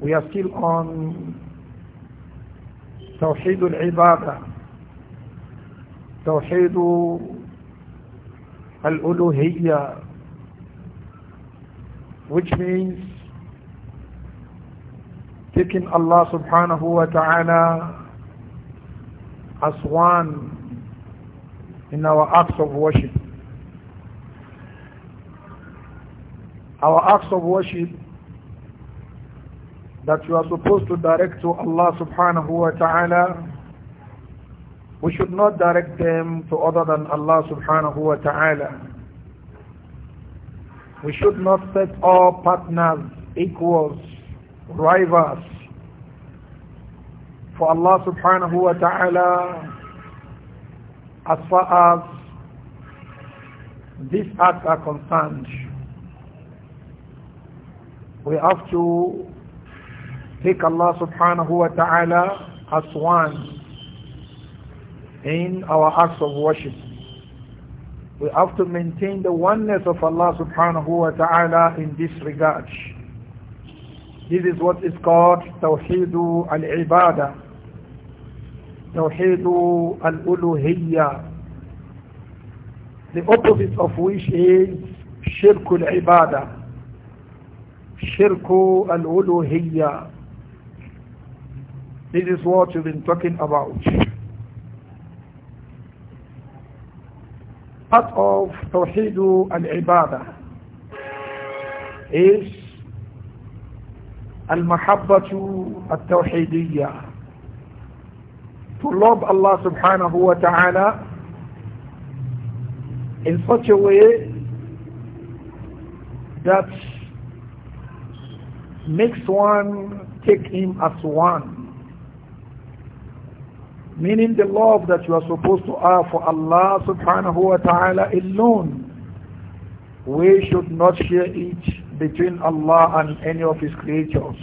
We are still on توحيد العبادة توحيد الألوهية which means taking Allah subhanahu wa ta'ala as one in our acts of worship. Our acts of worship that you are supposed to direct to Allah subhanahu wa ta'ala, we should not direct them to other than Allah subhanahu wa ta'ala. We should not set all partners, equals, rivals. For Allah subhanahu wa ta'ala, as far as these acts are concerned, we have to Take Allah subhanahu wa ta'ala as one in our acts of worship. We have to maintain the oneness of Allah subhanahu wa ta'ala in this regard. This is what is called Tawheedu al-Ibadah, Tawheedu al-Uluhiyyah, the opposite of which is Shirk al-Ibadah, Shirk al-Uluhiyyah. This is what you have been talking about. Part of Tawheed al-Ibadah is al-Mahabbatu al-Tawheediyah. To love Allah subhanahu wa ta'ala in such a way that makes one take him as one meaning the love that you are supposed to have for Allah subhanahu wa ta'ala alone. We should not share it between Allah and any of His creatures.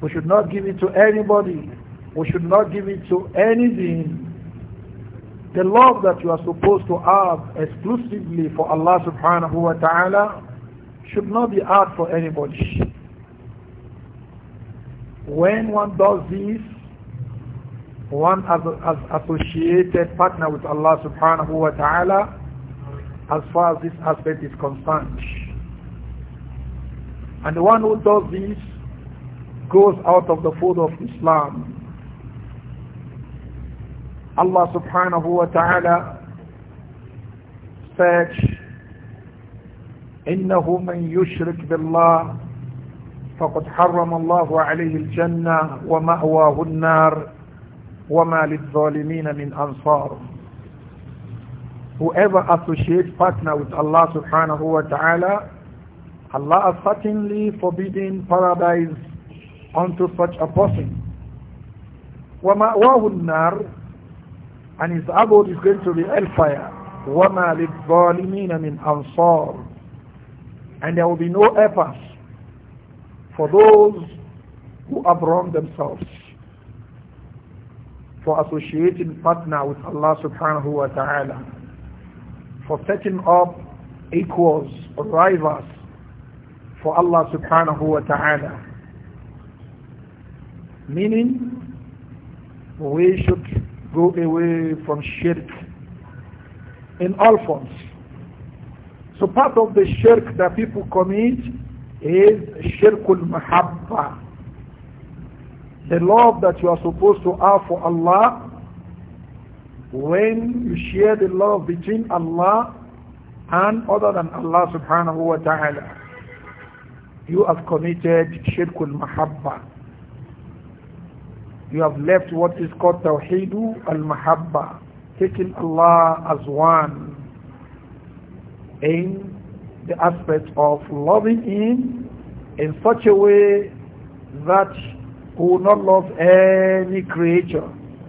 We should not give it to anybody. We should not give it to anything. The love that you are supposed to have exclusively for Allah subhanahu wa ta'ala should not be out for anybody. When one does this, one as, as associated partner with Allah subhanahu wa ta'ala as far as this aspect is concerned. And the one who does this goes out of the fold of Islam. Allah subhanahu wa ta'ala said, إِنَّهُ مَنْ يُشْرِكْ بِاللَّهِ فَقَدْ حَرَّمَ اللَّهُ عَلَيْهِ الْجَنَّةِ وَمَأْوَاهُ النَّارِ وَمَا لِلظَّالِمِينَ مِنْ أَنصَارٍ Whoever associates partner with Allah subhanahu wa ta'ala, Allah has certainly forbidden paradise unto such a person. وَمَأْوَاهُ النَّارِ And his abode is going to be hellfire. وَمَا لِلظَّالِمِينَ مِنْ أَنصَارٍ And there will be no efforts for those who have wronged themselves for associating partner with Allah subhanahu wa ta'ala, for setting up equals or rivals for Allah subhanahu wa ta'ala. Meaning, we should go away from shirk in all forms. So part of the shirk that people commit is shirkul mahabbah the love that you are supposed to have for Allah, when you share the love between Allah and other than Allah subhanahu wa ta'ala, you have committed shirkul mahabba. You have left what is called tawheedu al-mahabba, taking Allah as one in the aspect of loving Him in such a way that who will not love any creature,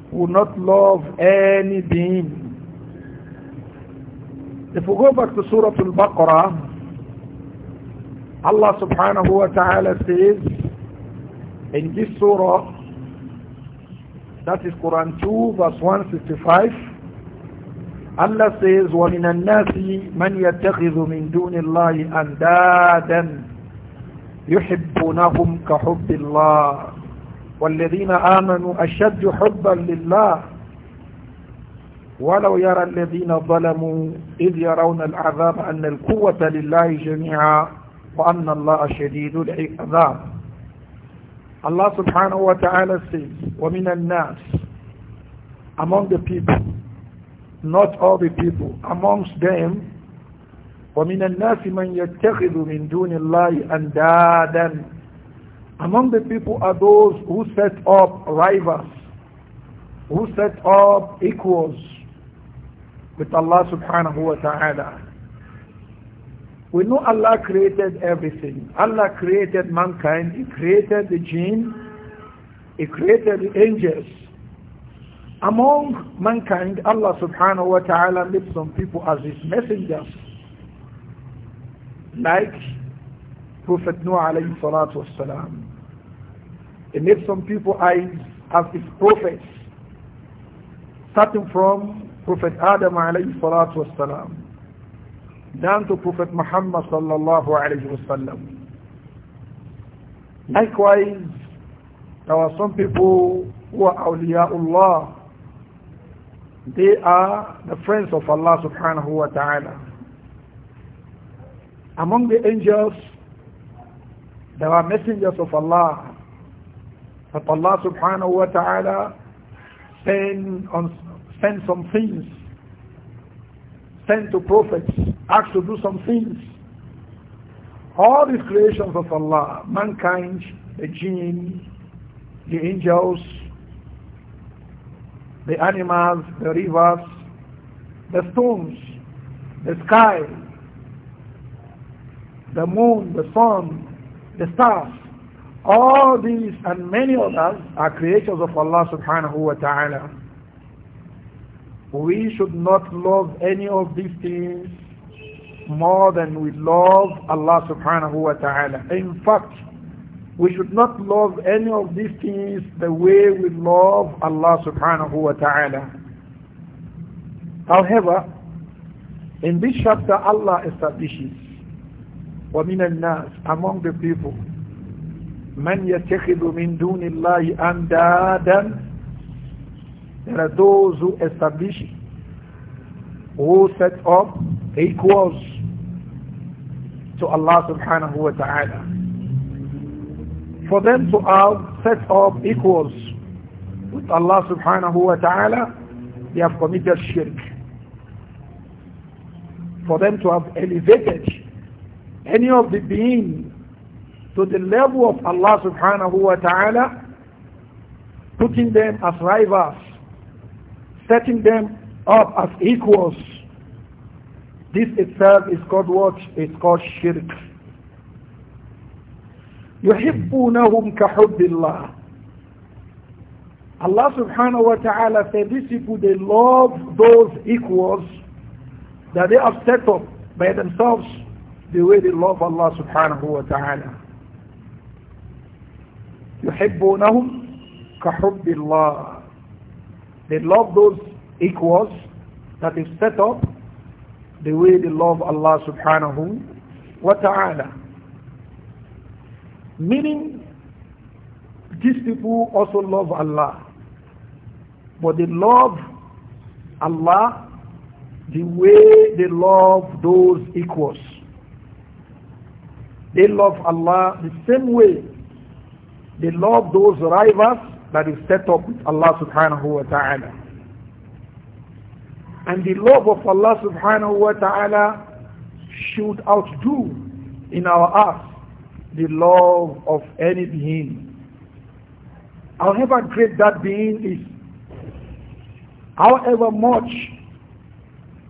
who will not love any being. If we go back to Surah Al-Baqarah, Allah subhanahu wa ta'ala says in this surah, that is Quran 2 verse 165, Allah says وَمِنَ النَّاسِ مَنْ يَتَّخِذُ مِنْ دُونِ اللَّهِ أَنْدَادًا يُحِبُّنَهُمْ كَحُبِّ اللَّهِ والذين آمنوا أشد حبا لله ولو يرى الذين ظلموا إذ يرون العذاب أن القوة لله جميعا وأن الله شديد العذاب Allah سبحانه وتعالى says, وَمِنَ النَّاسِ Among the people, not all the people, amongst them, وَمِنَ النَّاسِ مَنْ يَتَّخِذُ مِنْ دُونِ اللَّهِ أَنْدَادًا Among the people are those who set up rivals, who set up equals with Allah subhanahu wa ta'ala. We know Allah created everything. Allah created mankind, He created the jinn, He created the angels. Among mankind, Allah subhanahu wa ta'ala made some people as His messengers, like Prophet Noah alayhi salatu wasalam. And made some people eyes as his prophets, starting from Prophet Adam alayhi salatu wasalam, down to Prophet Muhammad sallallahu alayhi wasallam. Likewise, there are some people who are awliyaullah. They are the friends of Allah subhanahu wa ta'ala. Among the angels, there are messengers of Allah but Allah subhanahu wa ta'ala send, send some things, send to prophets, asked to do some things. All these creations of Allah, mankind, the jinn, the angels, the animals, the rivers, the stones, the sky, the moon, the sun, the stars, all these and many others are creatures of Allah subhanahu wa ta'ala. We should not love any of these things more than we love Allah subhanahu wa ta'ala. In fact, we should not love any of these things the way we love Allah subhanahu wa ta'ala. However, in this chapter Allah establishes وَمِنَ النَّاسِ among the people من يتخذ min دون الله أندادا There are those who establish, who set up equals to Allah subhanahu wa ta'ala. For them to have set up equals with Allah subhanahu wa ta'ala, they have committed shirk. For them to have elevated any of the beings to the level of Allah subhanahu wa ta'ala, putting them as rivals, setting them up as equals. This itself is called what? It's called shirk. يحبونهم كحب الله Allah subhanahu wa ta'ala said these people they love those equals that they have set up by themselves the way they love Allah subhanahu wa ta'ala يحبونهم كحب They love those equals that is set up the way they love Allah subhanahu wa ta'ala. Meaning these people also love Allah. But they love Allah the way they love those equals. They love Allah the same way they love those rivals that is set up with Allah subhanahu wa ta'ala. And the love of Allah subhanahu wa ta'ala should outdo in our hearts the love of any being. However great that being is, however much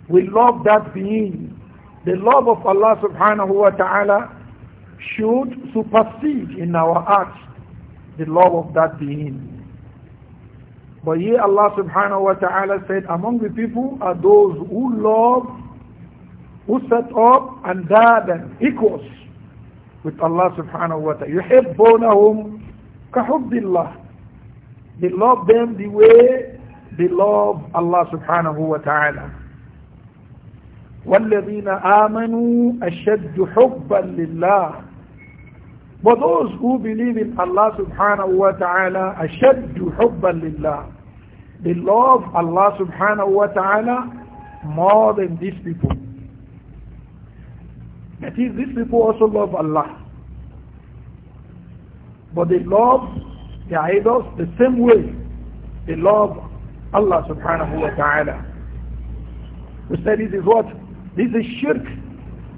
we love that being, the love of Allah subhanahu wa ta'ala should supersede in our hearts the love of that being. But ye Allah subhanahu wa ta'ala said, among the people are those who love, who set up and dad and equals with Allah subhanahu wa ta'ala. يُحِبُّونَهُمْ كَحُبِّ اللَّهِ They love them the way they love Allah subhanahu wa ta'ala. وَالَّذِينَ آمَنُوا أَشَدُّ حُبًّا لِلَّهِ but those who believe in Allah subhanahu wa ta'ala, ashaddu hubban lillah. They love Allah subhanahu wa ta'ala more than these people. That is, these people also love Allah. But they love the idols the same way they love Allah subhanahu wa ta'ala. We said this is what? This is shirk.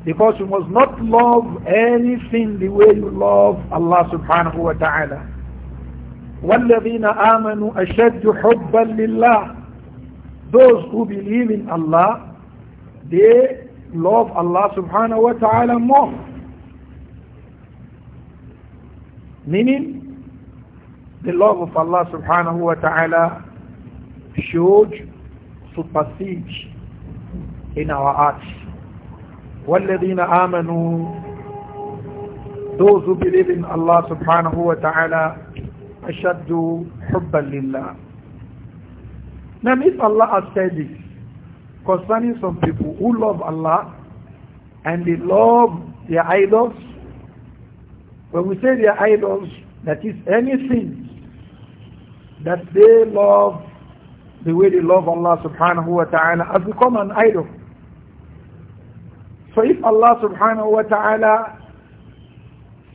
Because you must not love anything the way you love Allah subhanahu wa ta'ala. وَالَّذِينَ آمَنُوا أَشَدُّ حُبًّا لِلَّهِ Those who believe in Allah, they love Allah subhanahu wa ta'ala more. Meaning, the love of Allah subhanahu wa ta'ala should supersede in our hearts. وَالَّذِينَ آمَنُوا Those who believe in Allah subhanahu wa ta'ala أَشَدُّ حُبًّا لِلَّهِ Now if Allah has said this concerning some people who love Allah and they love their idols, when we say their idols, that is anything that they love the way they love Allah subhanahu wa ta'ala has become an idol. So if Allah subhanahu wa ta'ala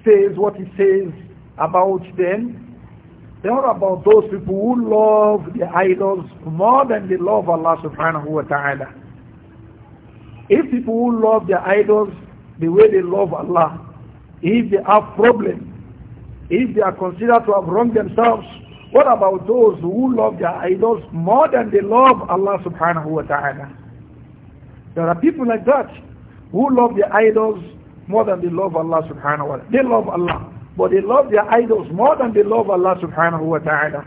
says what he says about them, then what about those people who love the idols more than they love Allah subhanahu wa ta'ala? If people who love their idols the way they love Allah, if they have problems, if they are considered to have wronged themselves, what about those who love their idols more than they love Allah subhanahu wa ta'ala? There are people like that who love their idols more than they love Allah subhanahu wa ta'ala. They love Allah, but they love their idols more than they love Allah subhanahu wa ta'ala.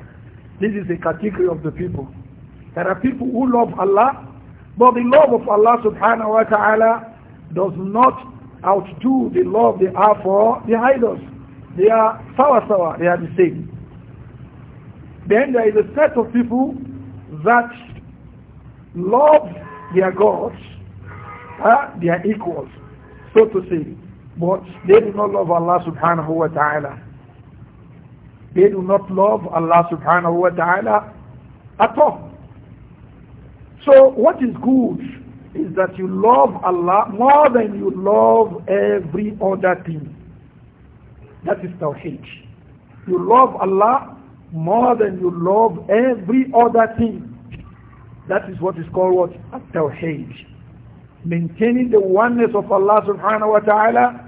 This is a category of the people. There are people who love Allah, but the love of Allah subhanahu wa ta'ala does not outdo the love they have for the idols. They are sawa sawa, they are the same. Then there is a set of people that love their gods her, They are equals, so to say. But they do not love Allah subhanahu wa ta'ala. They do not love Allah subhanahu wa ta'ala at all. So what is good is that you love Allah more than you love every other thing. That is Tawheed. You love Allah more than you love every other thing. That is what is called what? Tawheed maintaining the oneness of Allah subhanahu wa ta'ala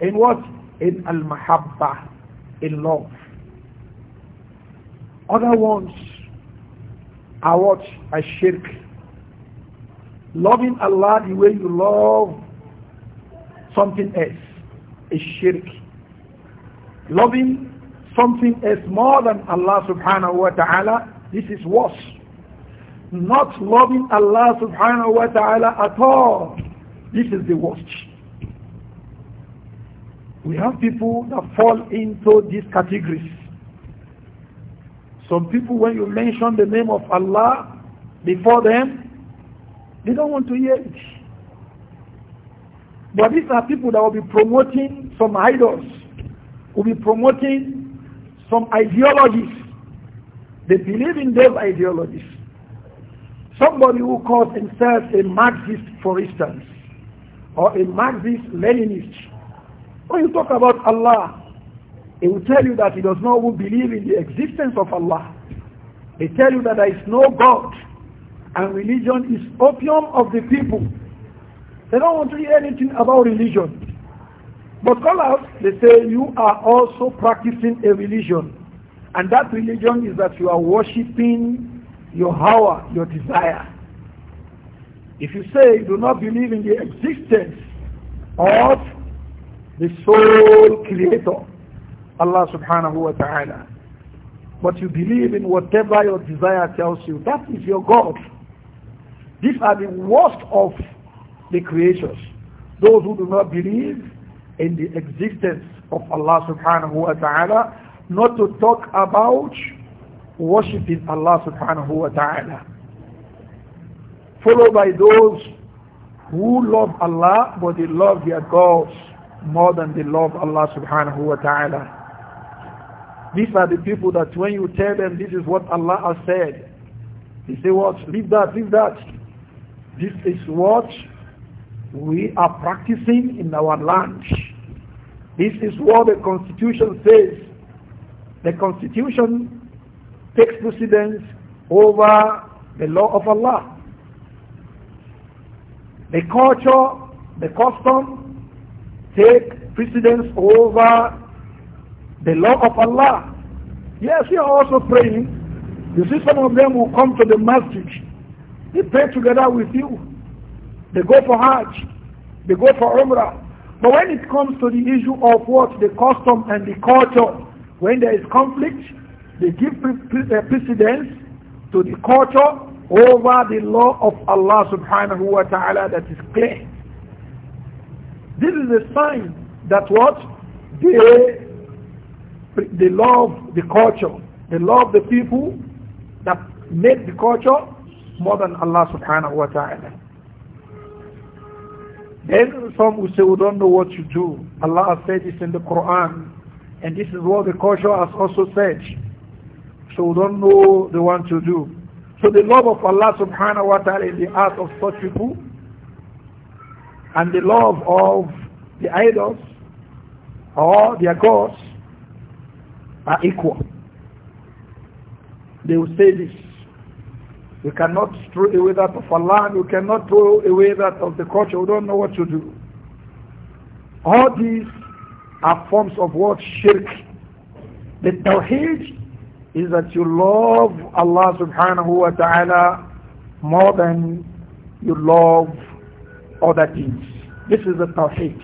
in what? In al-mahabba, in love. Other ones are what? A shirk. Loving Allah the way you love something else is shirk. Loving something else more than Allah subhanahu wa ta'ala, this is worse not loving Allah subhanahu wa ta'ala at all. This is the worst. We have people that fall into these categories. Some people, when you mention the name of Allah before them, they don't want to hear it. But these are people that will be promoting some idols, will be promoting some ideologies. They believe in those ideologies. Somebody who calls himself a Marxist, for instance, or a Marxist-Leninist, when you talk about Allah, he will tell you that he does not believe in the existence of Allah. They tell you that there is no God, and religion is opium of the people. They don't want to hear anything about religion. But call out, they say you are also practicing a religion. And that religion is that you are worshipping your hour, your desire. If you say you do not believe in the existence of the sole creator, Allah subhanahu wa ta'ala, but you believe in whatever your desire tells you, that is your God. These are the worst of the creatures, those who do not believe in the existence of Allah subhanahu wa ta'ala, not to talk about Worshipping Allah subhanahu wa ta'ala. Followed by those who love Allah but they love their gods more than they love Allah subhanahu wa ta'ala. These are the people that when you tell them this is what Allah has said, they say what? Leave that, leave that. This is what we are practicing in our land. This is what the constitution says. The constitution takes precedence over the law of Allah. The culture, the custom take precedence over the law of Allah. Yes, we are also praying. You see some of them will come to the masjid. They pray together with you. They go for Hajj. They go for Umrah. But when it comes to the issue of what? The custom and the culture. When there is conflict, they give uh, precedence to the culture over the law of Allah subhanahu wa ta'ala that is clear. This is a sign that what? They, they love the culture. They love the people that made the culture more than Allah subhanahu wa ta'ala. Then some will say, we don't know what to do. Allah said this in the Quran. And this is what the culture has also said. So we don't know they want to do. So the love of Allah subhanahu wa ta'ala is the heart of such people. And the love of the idols or their gods are equal. They will say this. We cannot throw away that of Allah and we cannot throw away that of the culture. We don't know what to do. All these are forms of what? Shirk. The Tawheed is that you love Allah subhanahu wa ta'ala more than you love other things. This is the Tawheed.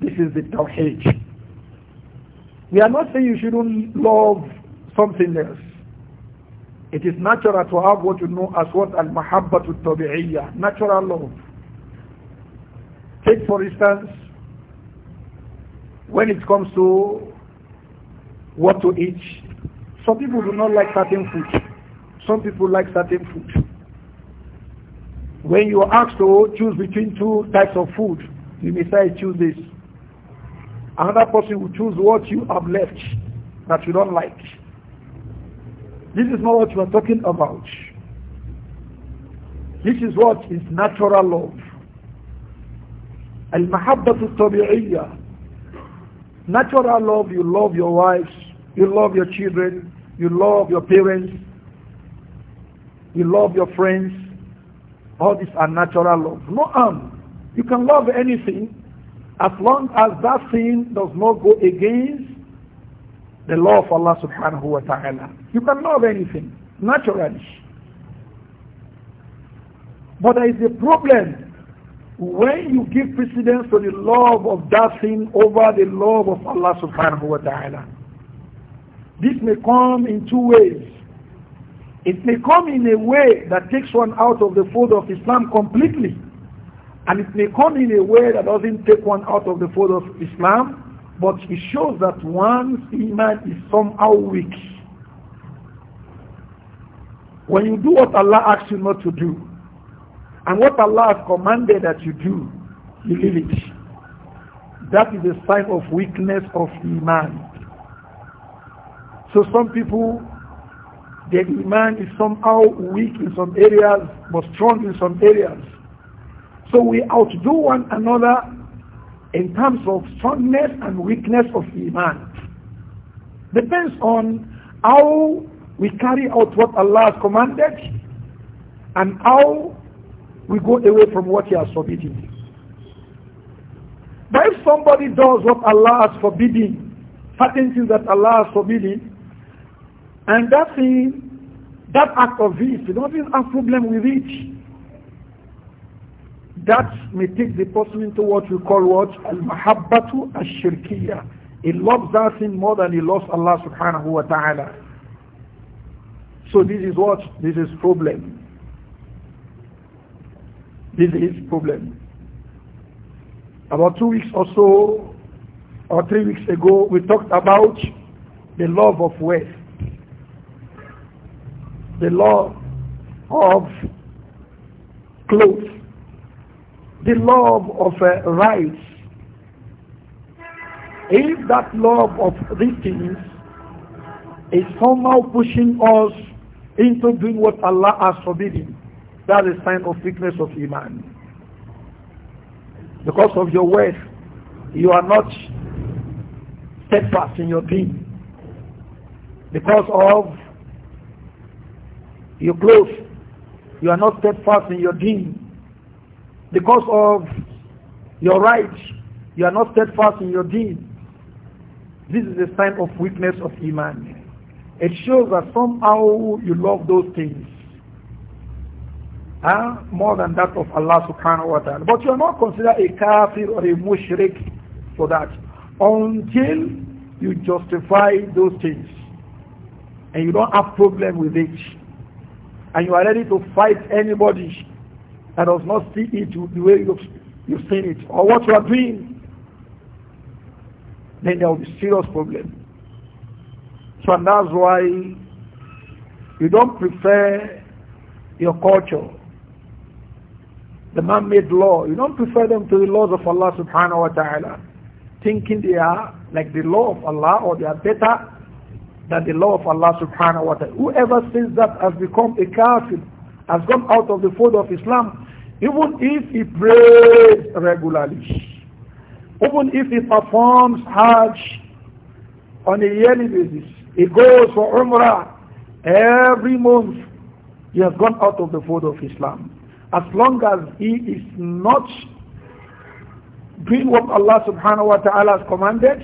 This is the Tawheed. We are not saying you shouldn't love something else. It is natural to have what you know as what al-mahabbatu tabi'iyya, natural love. Take for instance, when it comes to what to eat. Some people do not like certain food. Some people like certain food. When you are asked to choose between two types of food, you may say, choose this. Another person will choose what you have left that you don't like. This is not what we are talking about. This is what is natural love. Al-mahabbatu tabi'iyya. Natural love, you love your wives, you love your children. You love your parents. You love your friends. All these are natural love. No harm. You can love anything as long as that thing does not go against the law of Allah subhanahu wa ta'ala. You can love anything naturally. But there is a problem when you give precedence to the love of that thing over the love of Allah subhanahu wa ta'ala. This may come in two ways. It may come in a way that takes one out of the fold of Islam completely. And it may come in a way that doesn't take one out of the fold of Islam, but it shows that one's iman is somehow weak. When you do what Allah asks you not to do, and what Allah has commanded that you do, you leave it. That is a sign of weakness of iman. So some people, their iman is somehow weak in some areas, but strong in some areas. So we outdo one another in terms of strongness and weakness of iman. Depends on how we carry out what Allah has commanded and how we go away from what He has forbidden. But if somebody does what Allah has forbidden, certain things that Allah has forbidden, and that thing, that act of it, you don't even have problem with it. That may take the person into what we call what? Al-Mahabbatu Al-Shirkiyah. He loves that thing more than he loves Allah subhanahu wa ta'ala. So this is what? This is problem. This is problem. About two weeks or so, or three weeks ago, we talked about the love of wealth the law of clothes, the love of uh, rights. If that love of these things is somehow pushing us into doing what Allah has forbidden, that is sign of weakness of Iman. Because of your wealth, you are not steadfast in your deen. Because of you close, you are not steadfast in your deen. Because of your rights. you are not steadfast in your deen. This is a sign of weakness of Iman. It shows that somehow you love those things. Huh? More than that of Allah subhanahu wa ta'ala. But you are not considered a kafir or a mushrik for that. Until you justify those things. And you don't have problem with it and you are ready to fight anybody that does not see it the way you, you've seen it or what you are doing, then there will be serious problem. So and that's why you don't prefer your culture, the man-made law. You don't prefer them to the laws of Allah subhanahu wa ta'ala, thinking they are like the law of Allah or they are better than the law of Allah subhanahu wa ta'ala. Whoever says that has become a kafir, has gone out of the fold of Islam, even if he prays regularly, even if he performs Hajj on a yearly basis, he goes for Umrah every month, he has gone out of the fold of Islam. As long as he is not doing what Allah subhanahu wa ta'ala has commanded,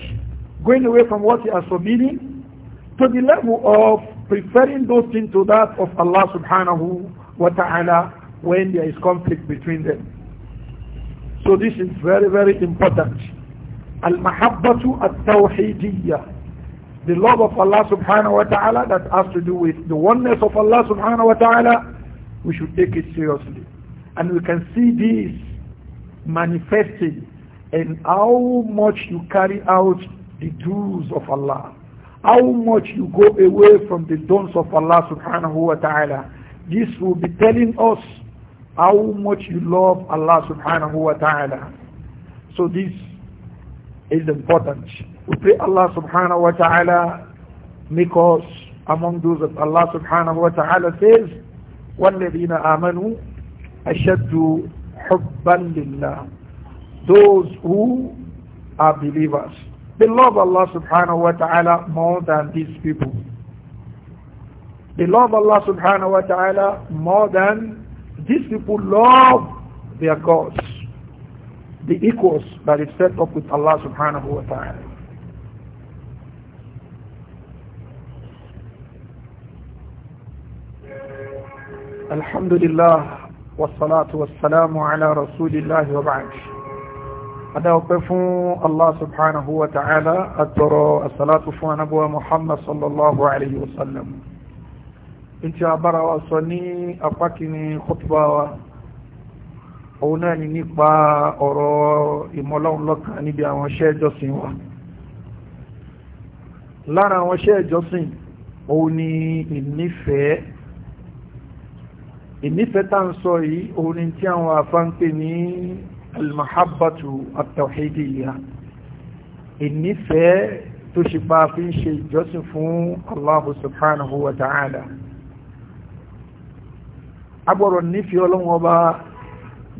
going away from what he has forbidden, to the level of preferring those things to that of Allah subhanahu wa ta'ala when there is conflict between them. So this is very, very important. Al-mahabbatu al-tawhidiyya. The love of Allah subhanahu wa ta'ala that has to do with the oneness of Allah subhanahu wa ta'ala, we should take it seriously. And we can see this manifested in how much you carry out the dues of Allah how much you go away from the dawns of Allah subhanahu wa ta'ala. This will be telling us how much you love Allah subhanahu wa ta'ala. So this is important. We pray Allah subhanahu wa ta'ala make us among those that Allah subhanahu wa ta'ala says, وَالَّذِينَ آمَنُوا أَشَدُّ حُبًّا لِلَّهِ Those who are believers they love Allah subhanahu wa ta'ala more than these people. They love Allah subhanahu wa ta'ala more than these people love their gods, the equals that is set up with Allah subhanahu wa ta'ala. Alhamdulillah, لله والصلاة salamu ala رسول الله وبعد adáwọ̀pẹ́ fún Allah subhanahu wa ta'ala àtọrọ àsàlátù fún anábúwa Muhammad sallallahu alayhi wa sallam. in ti abára wa sọ ní apákiní khutba wa òun náà ni nípa ọ̀rọ̀ ìmọ̀láhùn lọ́kàn níbi àwọn iṣẹ́ ìjọsìn wa lára àwọn iṣẹ́ ìjọsìn òun ni ìnífẹ̀ẹ́ ìnífẹ̀ẹ́ tá ń sọ yìí òun ni tí àwọn àfáǹpẹ̀ ní almahabbatu atawhidiya ìnífẹ̀ẹ́ tó ṣe pa fi ń ṣe ìjọsìn fún Allahu subhanahu wa ta'ala agbọ́rọ̀ nífẹ̀ẹ́ ọlọ́run ọba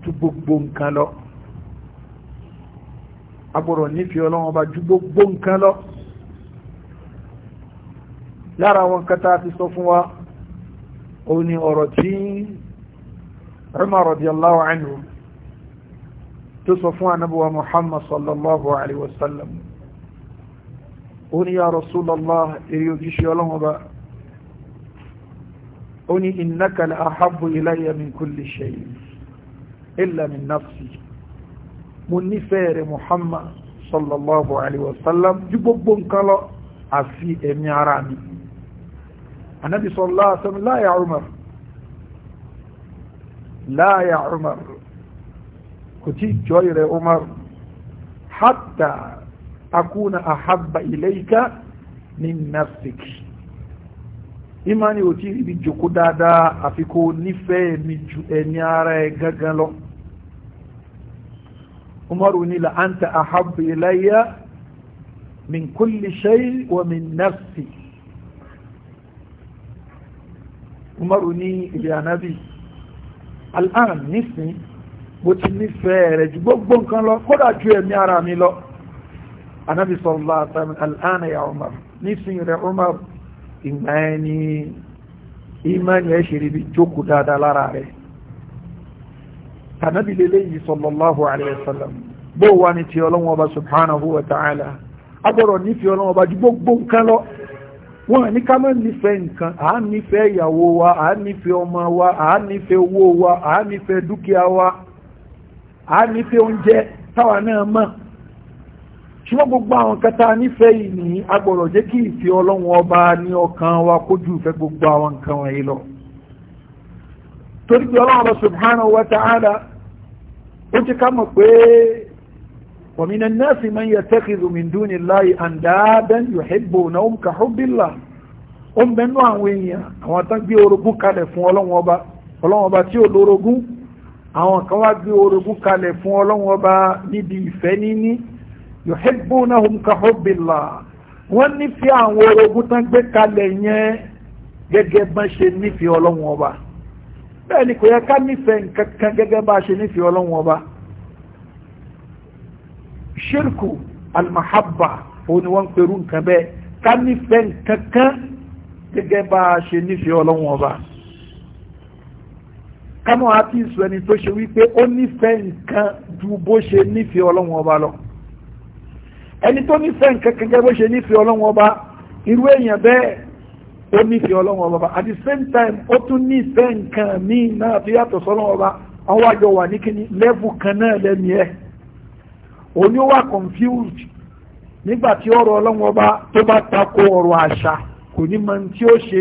ju gbogbo nǹkan lọ agbọ́rọ̀ nífẹ̀ẹ́ ọlọ́run ọba ju gbogbo nǹkan lọ lára àwọn kata ti sọ fún wa òun ni ọ̀rọ̀ tí Umar radiyallahu anhu tó sọ fún anábọ̀wá muhammad sallallahu alaihi wasallam ó ní ya rasulallah èrè òjíṣẹ́ ọlọ́mọba ó ní innaka la ahabbu ilayya min kulli shay illa min nafsi mo nífẹ̀ẹ́ rẹ̀ muhammad sallallahu alaihi wasallam ju gbogbo nǹkan lọ àfi ẹ̀mí ara mi anábì sallallahu alaihi wasallam la umar la umar kò tí jọ ìrẹ Umar hatta akuna ahabba ilayka min nafsik imani ò tí ibi jòkó dáadáa àfikò nífẹ̀ẹ́ mi ju ẹni ara ẹ e gángan lọ Umar ní la anta ahabba ilayya min kulli shay wa min nafsi Umar ní ilé anabi al'an nísìnyí mo ti nífẹ̀ẹ́ rẹ̀ ju gbogbo nǹkan lọ kódà ju ẹ̀mí ara mi lọ anabi sallallahu alaihi wasallam al'ana ya umar nísìnyí rẹ̀ umar ìgbà ẹ̀ ní ìmánì ẹ̀ ṣeré bí jókòó dáadáa lára rẹ̀ anabi lélẹ́yìí sallallahu alaihi wasallam bó ní ká mọ́ nífẹ̀ẹ́ nǹkan à á ìyàwó wa à á ọmọ wa à á owó wa à á dúkìá wa a nife oúnjẹ táwa náà mọ̀ ṣùgbọ́n gbogbo àwọn nǹkan tá a nífẹ̀ẹ́ yìí ní jẹ́ kí ìfẹ́ ọlọ́run ọba ní ọkàn wa kójú gbogbo àwọn nǹkan wọ̀nyí lọ torí pé ọlọ́run ọba subhanahu wa ta'ala ó ti ká mọ̀ pé wa minan nasi man yattakhidhu min dunillahi andadan yuhibbunahum ka hubbillah ó ń bẹ́ẹ̀ nú àwọn èèyàn àwọn orogún kalẹ̀ àwọn kan wá gbé orogún kalẹ̀ fún ọlọ́run ọba níbi ìfẹ́ níní yuhibbunahum ka hubbillah wọ́n nífẹ̀ẹ́ àwọn orogún tán gbé kalẹ̀ yẹn gẹ́gẹ́ bá ṣe nífẹ̀ẹ́ ọlọ́run ọba bẹ́ẹ̀ ni kò yẹ ká nífẹ̀ẹ́ nǹkan kan gẹ́gẹ́ bá ṣe nífẹ̀ẹ́ ọlọ́run ọba ṣírkù almahabba òun ni wọ́n ń perú nǹkan bẹ́ẹ̀ ká nífẹ̀ẹ́ nǹkan gẹ́gẹ́ bá ṣe nífẹ̀ẹ́ ọlọ́run ọba kámọ́ àti ìsù ẹni tó ṣe wípé ó nífẹ̀ẹ́ nǹkan ju bó ṣe nífẹ̀ẹ́ ọlọ́run ọba lọ ẹni tó nífẹ̀ẹ́ nǹkan kankan bó ṣe nífẹ̀ẹ́ ọlọ́run ọba irú èèyàn bẹ́ẹ̀ ó nífẹ̀ẹ́ ọlọ́run ọba at the same time ó tún nífẹ̀ẹ́ nǹkan míì náà tó yàtọ̀ sọ́lọ́run ọba àwọn àjọ wà ní kíni level kan náà lẹ́nu ẹ̀ òní ó wà confused nígbà tí ọ̀rọ̀ ọlọ́run ọba tó bá tako ọ̀rọ̀ àṣà kò ní mọ tí ó ṣe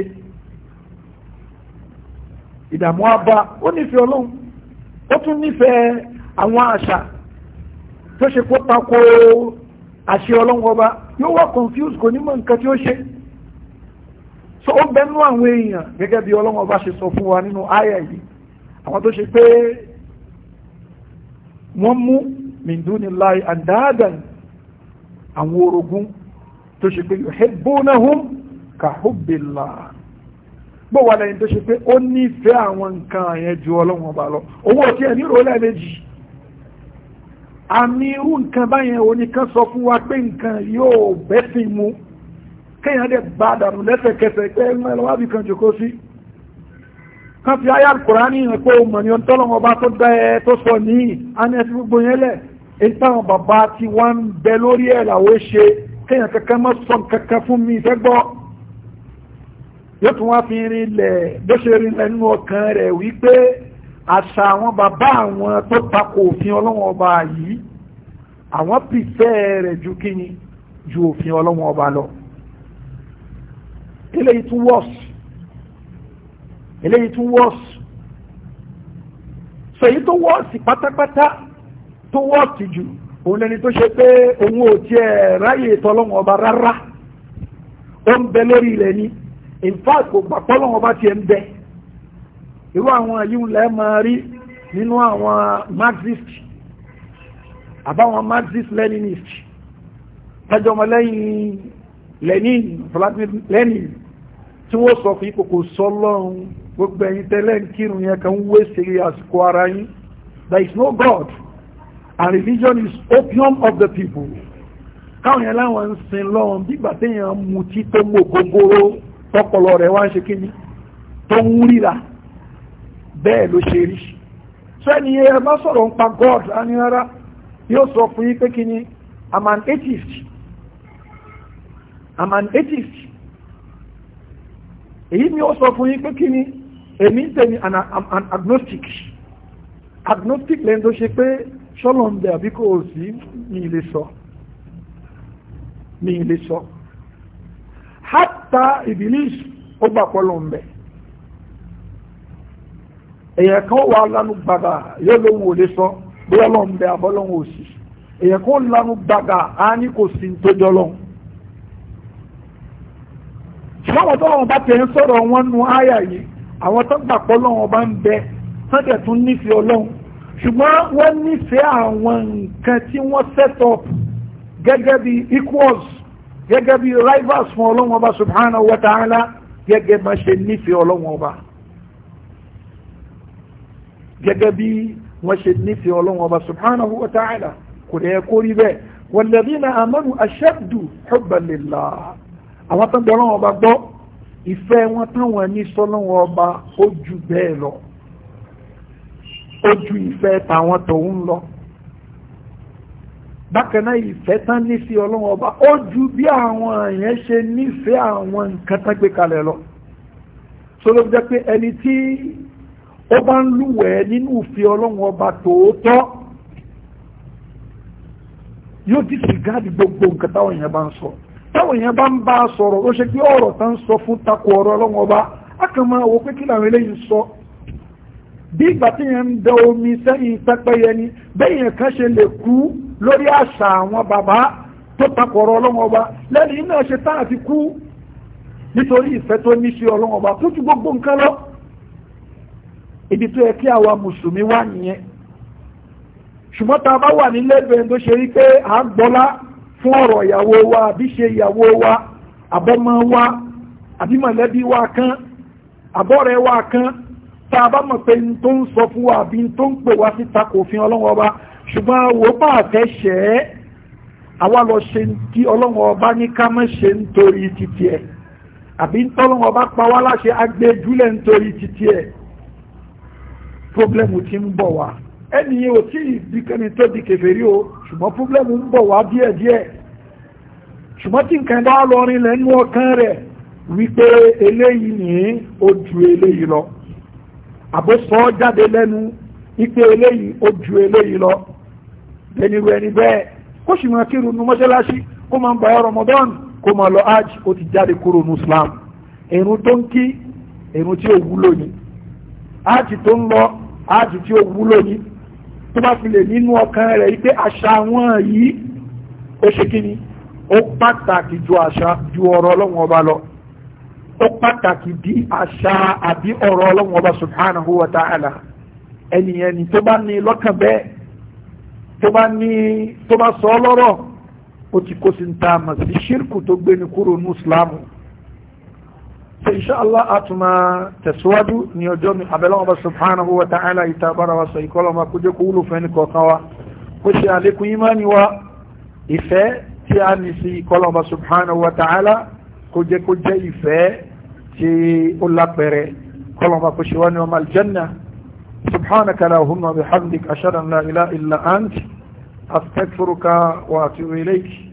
ìdààmú àbá ó nífẹ̀ẹ́ ọlọ́run ó tún nífẹ̀ẹ́ àwọn àṣà tó ṣe kó tako àṣẹ ọlọ́run ọba yóò wá confused kò ní mọ̀ nǹkan tí ó ṣe so ó bẹnu àwọn èèyàn gẹ́gẹ́ bí ọlọ́run ọba ṣe sọ fún wa nínú àyà yìí àwọn tó ṣe pé wọ́n mú mindunillahi andadan àwọn orogún tó ṣe pé yuhibbunahum ka hubbillah bó wà lẹ́yìn tó ṣe pé ó nífẹ̀ẹ́ àwọn nǹkan yẹn ju ọlọ́wọ́n ọba lọ owó ọtí ẹ̀ nírò lẹ́ẹ̀mejì àmì irú nǹkan báyẹn oníkan sọ fún wa pé nǹkan yóò bẹ́sìn mu kéèyàn bá dànù lẹ́sẹ̀kẹsẹ̀ pé ẹgbẹ́ bí kan jòkó sí ni ọ̀tọ́lọ́wọ́ bá tó dá ẹ tó sọ ní anẹ́sí gbogbo yẹn lẹ̀ ìtàn bàbá tí yóò tún wá fi rinlẹ̀ bó ṣe rinlẹ̀ nínú ọkàn rẹ̀ wípé àṣà àwọn bàbá àwọn tó takò òfin ọlọ́wọ́n ọba yìí àwọn pìfẹ́ rẹ̀ ju kíni ju òfin ọlọ́wọ́n ọba lọ eléyìí tún wọ́ọ̀sì eléyìí tún wọ́ọ̀sì sèyí tó wọ́ọ̀sì pátápátá tó wọ́ọ̀sì jù òun lẹni tó ṣe pé òun ò tiẹ̀ ráyè tọ́lọ́wọ́n ọba rárá ó ń bẹ lórí rẹ̀ ni in fact kò gbà pọ́lọ́ wọn bá tiẹ̀ ń bẹ irú àwọn yìí ń lẹ́ máa rí nínú àwọn marxist àbáwọn marxist leninist tẹ́jọ́ ọmọ lẹ́yìn lenin vladimir lenin tí wọ́n sọ fún ìkòkò sọlọ́run gbogbo ẹ̀yin tẹ́lẹ̀ ń kírun yẹn kan ń wé sí àsìkò ara yín there is no god and religion is opium of the people káwọn yẹn láwọn ń sin lọ́wọ́n bí gbàtẹ́yàn mutí tó mọ́ gbogbooro tọpọlọ rẹ̀ wá ń ṣe kíni tó ń ríra bẹ́ẹ̀ ló ṣe rí sẹ́ni ẹ bá sọ̀rọ̀ god ani rárá yóò sọ fún pé i'm an atheist i'm an atheist èyí ni ó sọ fún yín pé èmi ń an agnostic agnostic lẹ́yìn tó ṣe pé ṣọ́lọ̀ ń bẹ àbí kò sí mi ì lè sọ mi ì lè sọ. So. hátà ibilis ó gbà pọ́lọ̀ ń bẹ̀ èyàn kan wà lánú gbàgà yóò lóun ò lè sọ bóyá lọ́n bẹ abọ́lọ́hún ò sí èyàn kan lánú gbàgà á ní kò sí tó jọ lọ́hún ṣùgbọ́n tó wọn bá tẹ̀ ń sọ̀rọ̀ wọn nu áyà yìí àwọn tó gbà pọ́ lọ́wọ́ bá ń bẹ tán tún nífẹ̀ẹ́ ọlọ́run ṣùgbọ́n wọ́n nífẹ̀ẹ́ àwọn nǹkan tí wọ́n set up gẹ́gẹ́ bí equals gẹ́gẹ́ bí rivals fún ọlọ́wọ́n ọba subhanahu wa ta'ala gẹ́gẹ́ ma ṣe nífẹ̀ẹ́ ọlọ́wọ́n ọba gẹ́gẹ́ bí wọ́n ṣe nífẹ̀ẹ́ ọlọ́wọ́n ọba subhanahu wa ta'ala kò dẹ̀ kó rí bẹ́ẹ̀ walladhina amanu ashaddu hubban lillah àwọn tó ń bẹ ọlọ́wọ́n ọba gbọ́ ìfẹ́ wọn táwọn ní sọ́lọ́wọ́n ọba ó bẹ́ẹ̀ lọ ó ìfẹ́ tàwọn tòun lọ bákaná ìfẹ́ tán ní sí ọlọ́run ọba ó ju bí àwọn èèyàn ṣe nífẹ̀ẹ́ àwọn nǹkan tán gbé kalẹ̀ lọ tó ló jẹ́ pé ẹni tí ó bá ń lúwẹ̀ẹ́ nínú ìfẹ́ ọlọ́run ọba tòótọ́ yóò disregard gbogbo nǹkan táwọn èèyàn bá ń sọ táwọn èèyàn bá ń bá a sọ̀rọ̀ ó ṣe pé ọ̀rọ̀ tán sọ fún takò ọ̀rọ̀ ọlọ́run ọba á kàn máa wo pé kí làwọn eléyìí sọ bí ìgbà tí yẹn ń da omi sẹ́yìn pẹ́pẹ́yẹ ni bẹ́ẹ̀ yẹn kan ṣe lè kú lórí àṣà àwọn bàbá tó takọ̀rọ̀ ọlọ́wọ́ ọba lẹ́nu iná ṣe tán àti kú nítorí ìfẹ́ tó ní sí ọlọ́wọ́ ọba tó ju gbogbo nǹkan lọ ibi tó yẹ kí àwa mùsùlùmí wà nìyẹn ṣùgbọ́n tá a bá wà ní lẹ́gbẹ̀ẹ́ tó ṣe rí pé à ń gbọ́lá fún ọ̀rọ̀ ìyàwó wa àbí ṣe ìyàwó wa àbọ́mọ wa àbí mọ̀lẹ́bí wa kan àbọ́rẹ̀ wa kan tá a bá mọ̀ pé n tó ń sọ fún wa àbí n tó ń pè wá síta kò fi ọlọ́wọ́ ṣùgbọ́n wò bá fẹ́ ṣẹ́ ẹ́ àwa lọ ṣe tí ọlọ́run ọba ní ká mọ́ ṣe nítorí títí ẹ̀ àbí tọ́lọ́run ọba pa wá láṣẹ agbẹ́júlẹ̀ nítorí títí ẹ̀ pọ́blẹ́mù ti ń bọ̀ wá ẹni ò tí ìdíkẹni tó di kèfèrí o ṣùgbọ́n pọ́blẹ́mù ń bọ̀ wá díẹ̀díẹ̀ ṣùgbọ́n tí nǹkan bá lọ rin lẹ́nu ọkàn rẹ̀ wípé eléyìí ní ó ju eléyìí lọ àbó sọ jáde lẹ́nu wípé eléyìí ó ju eléyìí lọ ẹniwẹ̀ ẹni bẹ́ẹ̀ kó sì máa kírun nu mọ́ṣáláṣí kó máa ń bàyá Ramadan kó máa lọ hajj ó ti jáde kúrò nu Islam irun tó ń kí irun tí ó wúlò ni hajj tó ń lọ hajj tí ó wúlò ni tó bá fi lè nínú ọkàn rẹ̀ yìí pé àṣà wọn yìí ó ṣe kí ni ó pàtàkì ju àṣà ju ọ̀rọ̀ ọlọ́run ọba lọ ó pàtàkì bí àṣà àbí ọ̀rọ̀ ọlọ́run ọba subhanahu wa ta'ala ẹnìyẹn ni tó bá ní lọ́kàn bẹ́ẹ̀ tó bá ní tó bá sọ lọ́rọ̀ ó ti kó sí ń ta àmà sí ṣírkù tó gbé ní kúrò ní islamu so inṣáàlá àtúmà tẹ̀síwájú ní ọjọ́ mi abẹ́lọ́wọ́ bá subhanahu wa ta'ala ìtàbára wa sọ ìkọlọ́mà kó jẹ́ kó wúlò fẹ́ ní kọ̀ọ̀kan wa kó ṣe àlékún ìmáni wa ìfẹ́ tí a ní sí ìkọlọ́mà subhanahu wa ta'ala kó jẹ́ kó jẹ́ ìfẹ́ tí ó lápẹẹrẹ kọlọ́mà kó ṣe wá ní ọmọ aljanna سبحانك لا هم بحمدك أشهد أن لا إله إلا أنت أستغفرك وأتوب إليك